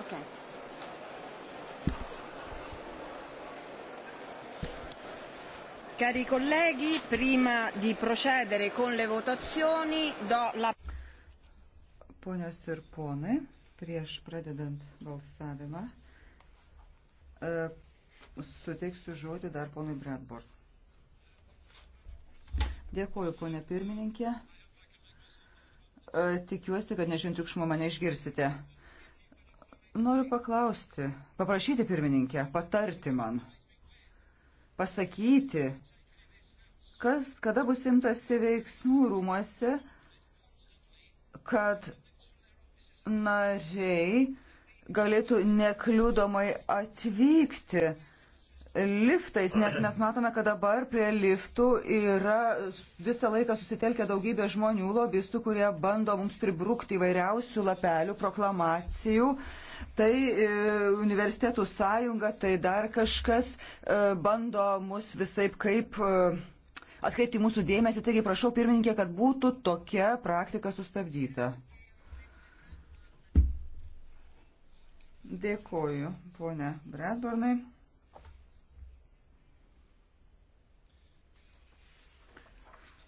Okay. Cari colleghi, prima di procedere con le votazioni do la... Ponios ir ponai, prieš pradedant balsavimą, e, suteiksiu žodį dar ponui Bradbord. Dėkuoju, ponė pirmininkė. E, tikiuosi, kad nežinot triukšmo mane išgirsite. Noriu paklausti, paprašyti pirmininkę, patarti man, pasakyti, kas, kada bus imtasi veiksmų rūmose, kad nariai galėtų nekliūdomai atvykti liftais, nes mes matome, kad dabar prie liftų yra visą laiką susitelkę daugybė žmonių, lobistų, kurie bando mums pribrukti įvairiausių lapelių, proklamacijų. Tai e, universitetų sąjunga, tai dar kažkas e, bando mus visai kaip e, atkreipti mūsų dėmesį. Taigi prašau pirmininkė, kad būtų tokia praktika sustabdyta. Dėkoju, ponia Bradbornai.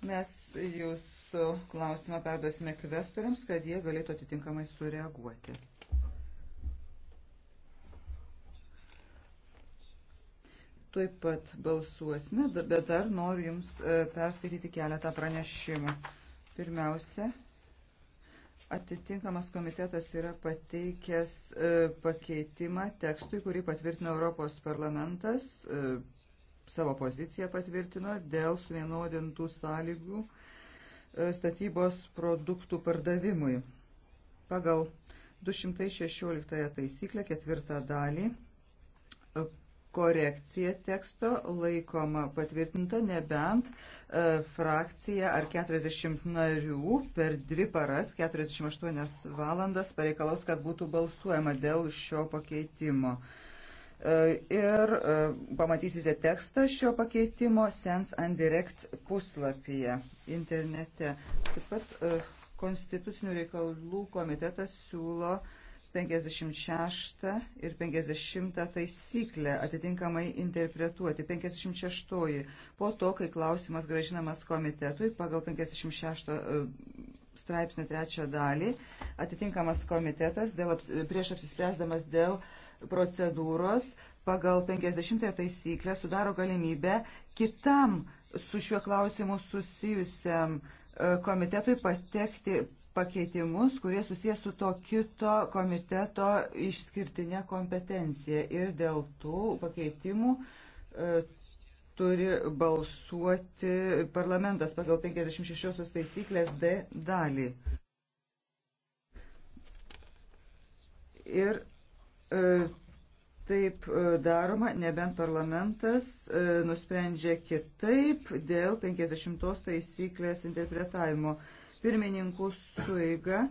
Mes jūsų klausimą perduosime kvestoriams, kad jie galėtų atitinkamai sureaguoti. Taip pat balsuosime, bet dar noriu Jums e, perskaityti keletą pranešimų. Pirmiausia, atitinkamas komitetas yra pateikęs e, pakeitimą tekstui, kurį patvirtino Europos parlamentas e, savo poziciją patvirtino dėl suvienodintų sąlygų e, statybos produktų pardavimui. Pagal 216 taisyklę ketvirtą dalį e, korekcija teksto laikoma patvirtinta nebent e, frakcija ar 40 narių per dvi paras 48 valandas pareikalaus, kad būtų balsuojama dėl šio pakeitimo. E, E, ir e, pamatysite tekstą šio pakeitimo Sense and Direct puslapyje internete. Taip pat e, Konstitucinių reikalų komitetas siūlo 56 ir 50 taisyklę atitinkamai interpretuoti. 56 po to, kai klausimas gražinamas komitetui pagal 56 straipsnių trečią dalį, atitinkamas komitetas dėl, prieš apsispręsdamas dėl uh, procedūros pagal 50 taisyklę sudaro galimybę kitam su šiuo klausimu susijusiam e, komitetui patekti pakeitimus, kurie susijęs su to kito komiteto išskirtinė kompetencija. Ir dėl tų pakeitimų e, turi balsuoti parlamentas pagal 56 taisyklės D dalį. Ir E, taip e, daroma, nebent parlamentas e, nusprendžia kitaip dėl 50 taisyklės interpretavimo. Pirmininkų suiga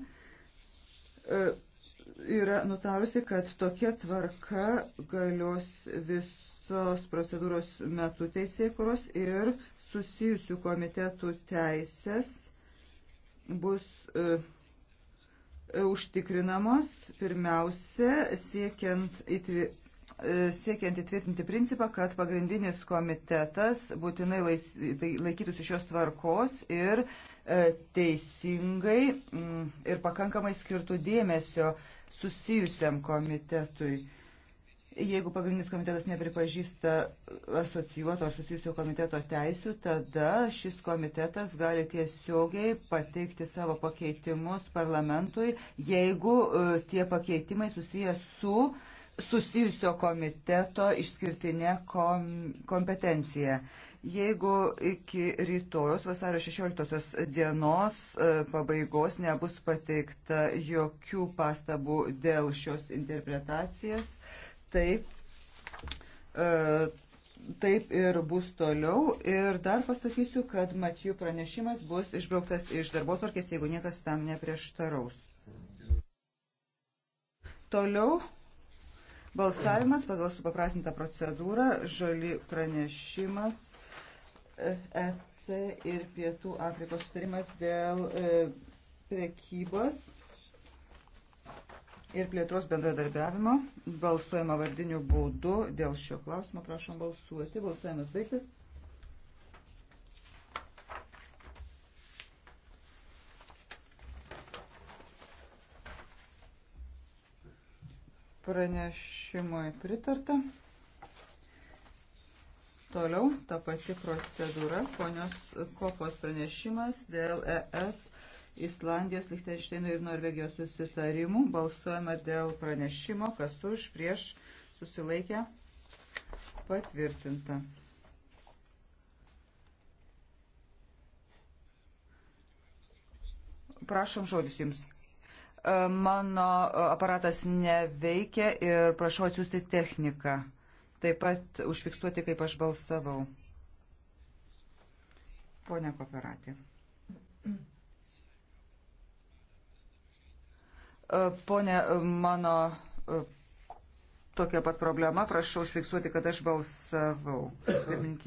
yra nutarusi, kad tokia tvarka galios visos procedūros metu teisėkuros ir susijusių komitetų teisės bus uh, E, užtikrinamos pirmiausia siekiant įtvi e, siekiant įtvirtinti principą, kad pagrindinis komitetas būtinai lais, tai, laikytųsi šios tvarkos ir e, teisingai mm, ir pakankamai skirtų dėmesio susijusiam komitetui. Jeigu pagrindinis komitetas nepripažįsta asocijuoto ar susijusio komiteto teisių, tada šis komitetas gali tiesiogiai pateikti savo pakeitimus parlamentui, jeigu e, tie pakeitimai susiję su susijusio komiteto išskirtinė kom kompetencija. Jeigu iki rytojus vasario 16 dienos e, pabaigos nebus pateikta jokių pastabų dėl šios interpretacijos, taip, e, taip ir bus toliau. Ir dar pasakysiu, kad Matijų pranešimas bus išbrauktas iš darbo tvarkės, jeigu niekas tam neprieštaraus. Toliau balsavimas pagal supaprastintą procedūrą, žali pranešimas. EC e ir Pietų Afrikos sutarimas dėl e, prekybos ir plėtros bendradarbiavimo. Balsuojama vardiniu būdu. Dėl šio klausimo prašom balsuoti. Balsavimas baigtas. Pranešimui pritarta. Toliau ta pati procedūra, ponios Kopos pranešimas dėl ES Islandijos, Lichtenšteino ir Norvegijos susitarimų. Balsuojama dėl pranešimo, kas už, prieš, susilaikę, patvirtinta. Prašom žodis jums. E, mano aparatas neveikia ir prašau atsiųsti techniką. Taip pat užfiksuoti, kaip aš balsavau. Pone Koperatė. Mm. E, pone, e, mano e, tokia pat problema, prašau užfiksuoti, kad aš balsavau.